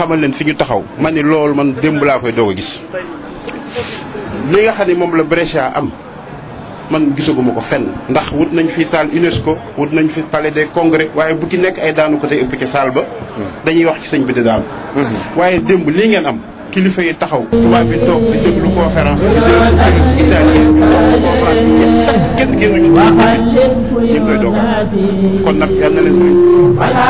xamal leen fi ñu taxaw man ni loolu man démb laa koy doog a gis li nga xam ni moom la Brescia am man gisaguma ko fenn ndax wut nañ fi salle UNESCO wut nañ fi palais des congrès waaye bu ci nekk ay daanu ko tey ëpp ca saal ba dañuy wax ci sëñ bi di daanu waaye démb lii ngeen am kilifa yi taxaw tubaab bi toog di déglu conférence bi déglu sëriñ italien bi comprendre ñëpp kenn génnuñu ñu koy dogal kon nag yal na leen sëriñ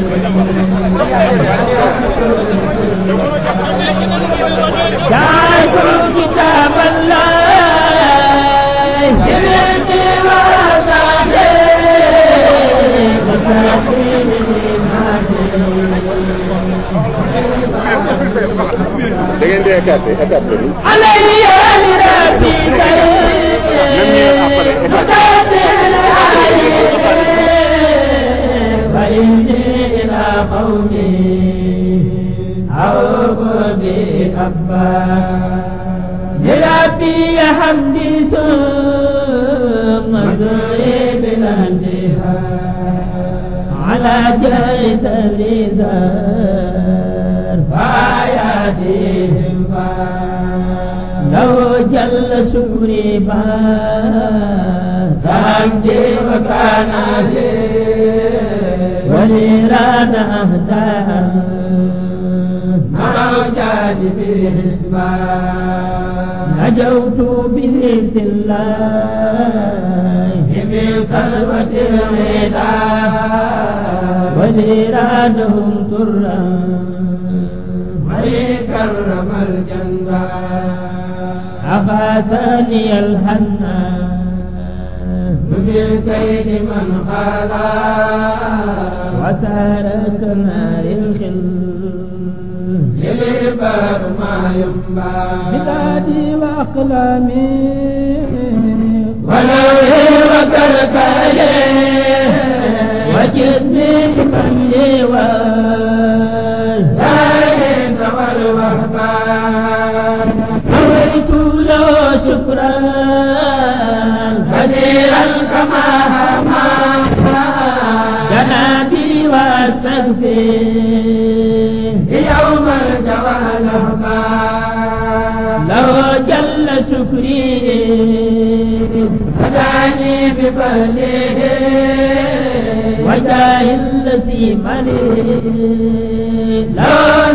أكافي أكافي علي أنت فإني إلى قومي أوفوا بحبا لربي حديث مزوري بلادها على جيت الإذا فيديهم لو جل شكري بحمدي وكان وليران أهداه مع جانبي حسبا نجوت بذكر الله من قلبة الغدا وليرانهم ترا حرم الجنة أفاتني الحنان بالكيد من خلا نار للخل للباب ما ينبع بدادي وأقلامي ولو وكرت عليه وجدني بمن والوهبا نويت له شكرا كثيرا كما هما جنابي واستغفر يوم الجوال هما له جل شكري هداني ببله وجاه الذي ملي لا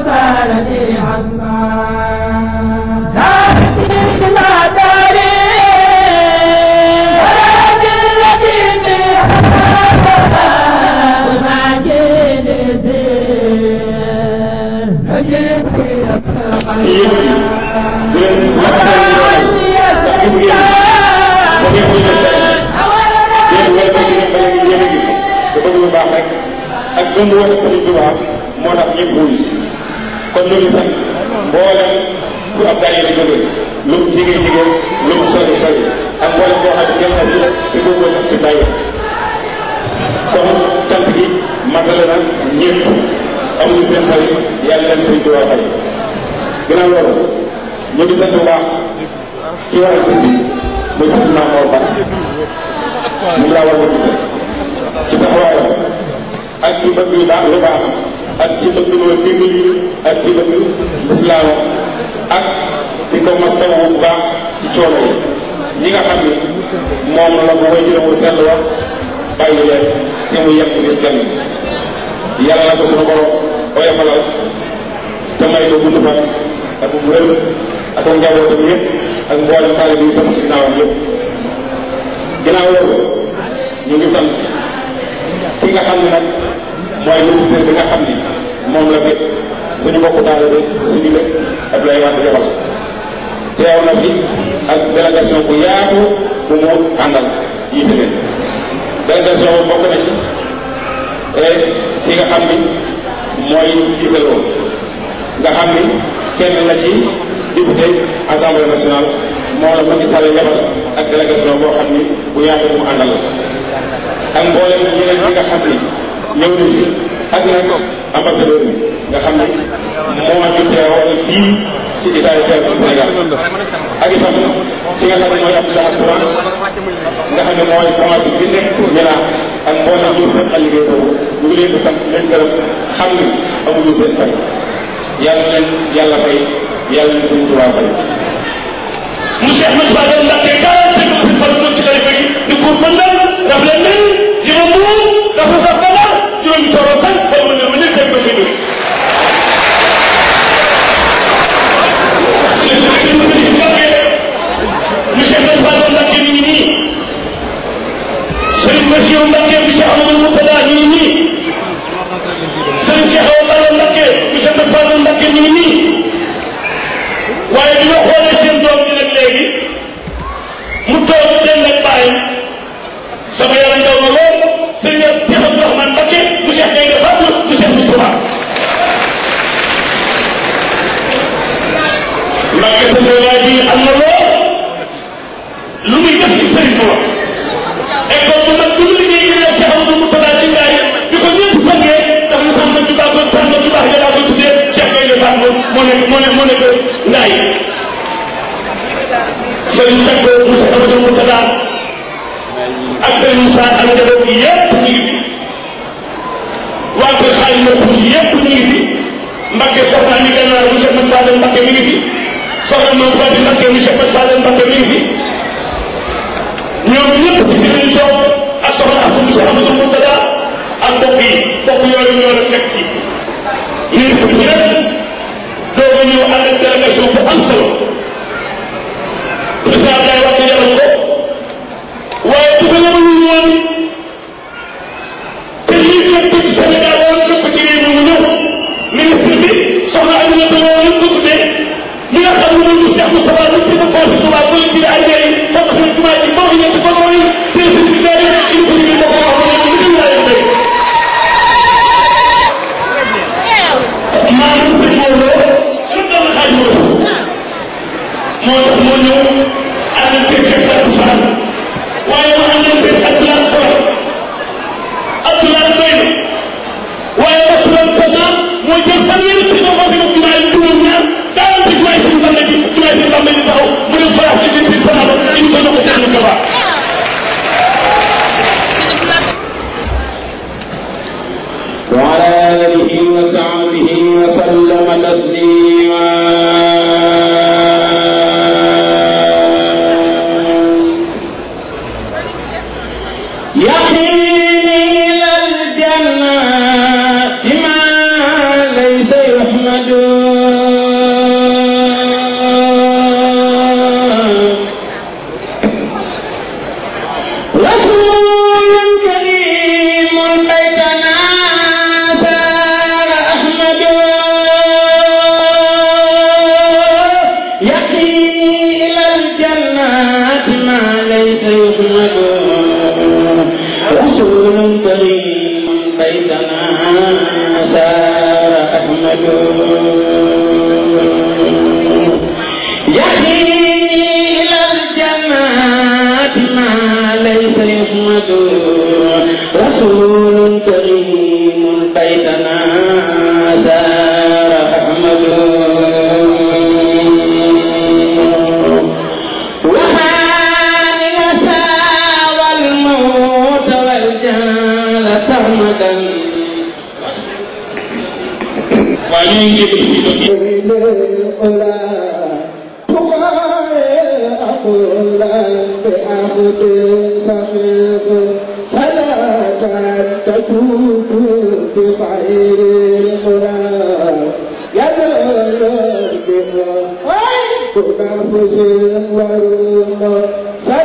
ak dund wala Sëriñ Tuubaa moo tax ñëpp wuyu kon ñu ngi sant mboolem ku lu mu jigéen lu mu sori sori ak boo xam ne jël na ci si boobu sax ci daay kon cant gi matale na ñëpp amuñu seen xel na loolu ñu ngi sant bu baax ci waral bis moo baax moom laa war a ci taxawaayam ak ci bëgg lu baax lu baax ak ci bëgg loo dimbali ak ci bëgg islaam ak di ko masawu bu baax ci coono yi ñi nga xam ne moom la mu wajur mu sell wax bàyyi leen te mu yàq lislaam yàlla na ko suñu borom oyofalal te may ko gudd fan ak bu wér ak njabootam yëpp ak mboolem taalibe yi tam ci ginnaawam yëpp mooy ministère bi nga xam ni moom la fekk suñu mbokku taale bi suñu lépp Abdoulaye Wade yebal teew na fi ak délégation bu yaatu bu mu àndal yi tamit délégation boobu bokk na ci e, ki nga xam ni mooy Cissé Lo nga xam ni kenn la ci député assemblée nationale moo la Macky Sall yebal ak délégation xam ni bu yaatu bu mu àndal ak mboolem ñeneen ñi nga xam ni yow nii ak nag ambassadeur bi nga xam ne moo ma ñu teewal fii ci état état bu Sénégal ak itam ki nga xam ne mooy Abdou Dahab Sourang nga xam ne mooy commencé bi nekk Milan ak mboolem ñu seen xel liggéey ñu ngi leen di sant leen gërëm xam ni amuñu seen fay yàlla leen yàlla fay yàlla ñu suñu tubaab fay ci di ko mën Mashiach, não dá tempo ñu tàggoo Moussa Abdou Moussa daal ak Serigne Sarr ak njaboot bi yëpp ñu ngi fi waa kër xaalis mbokku yëpp ñu ngi fi Mbacke soxna ni gànnaar monsieur Moussa Sallem Mbacke mi ngi fi soxna Maam Fadi Mbacke monsieur Moussa Sallem Mbacke mi ngi fi ñoom ñëpp dinañ toog ak soxna Assou Moussa Abdou Moussa daal ak mbokk yi mbokk yooyu ñoo la fekk ci ministre bi nag doo ko ñëw ànd ak délégation bu am solo. Amen. سراچار پہ کسی کو پھسل سداچار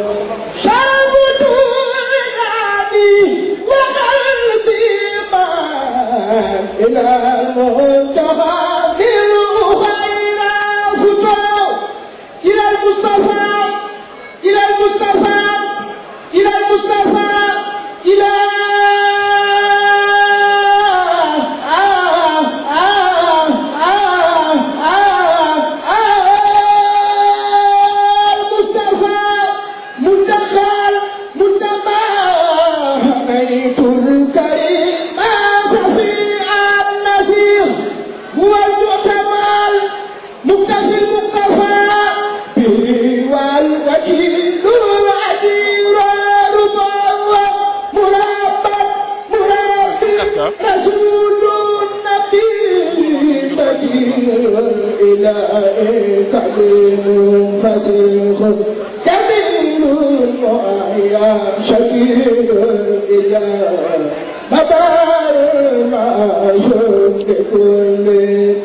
مبار المعشوق بكل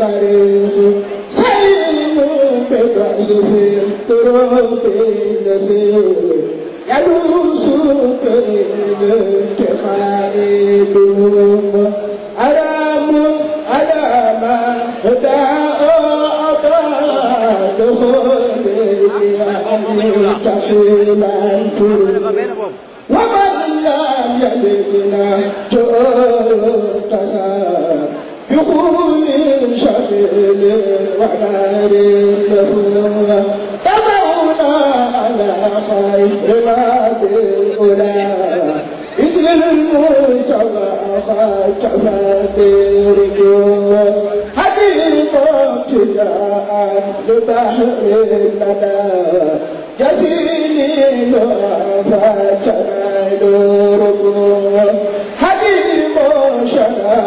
طريق سيم بكشف الطرق النسير يدوس بين افتخار بهم أرام على ما هدى أبا دخول الكفيلة حبيبنا تؤتنا بكل سبيل ونار مفهوم تدعونا على خير ما في الأولى إذ المجتمع قد تفادي رجوع حبيب ابتداء لبحر لنا جزيلا سجايا हरी पोशाल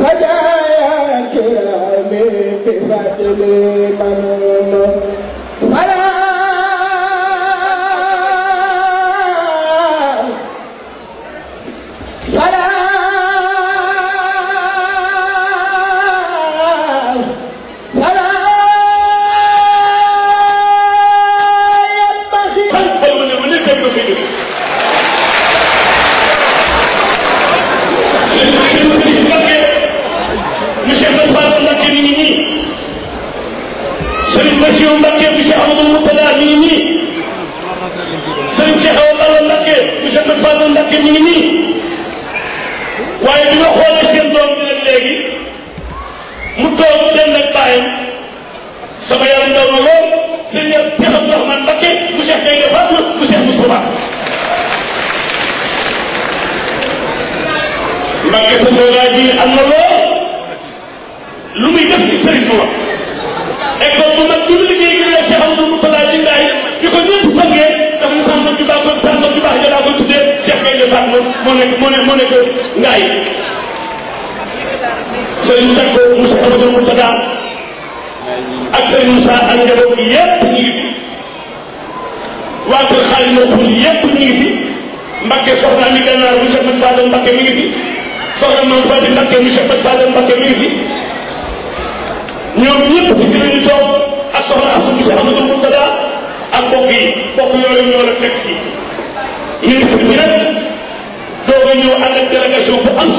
सजाया खिला sama yaram ndaw na lool sëñ yàlla Cheikh Abdourahmane Mbacké bu Cheikh Gaynde Fatma bu Cheikh Moustapha Mbacké sa toogaay bi am na lool lu muy def ci sëriñ bi wax école bu mag bi mu liggéey ñu ne Cheikh Abdou Moustapha ci ngaay di ko ñëpp songee dafa ñu sàmm ju baax kon sàmm ju baax ja daa ko tuddee Cheikh Gaynde Fatma moo nekk moo nekk moo nekk ngaay sëriñ Sakko mu Cheikh Abdou Moustapha ak Serigne Sarr ak njaboot bi yépp ñu waa kër Xaadimu Rasuul yépp ñu ngi fi Mbakke soxna mi gànnaar monsieur Mat Fadal Mbakke mi ngi fi soxna Maam Fati Mbakke monsieur Mat Fadal Mbakke mi ngi fi ñoom ñëpp ci lañu toog ak soxna Asu monsieur Amadou Moustapha ak mbokk yooyu ñoo la fekk fii ministre bi nag a ñëw ànd ak délégation bu am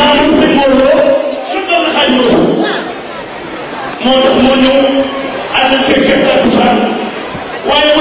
maamam bi Mawlo lu doon xaaj Mawlo moo tax moo ñëw ànd ak Cheikh Sadou Sall waaye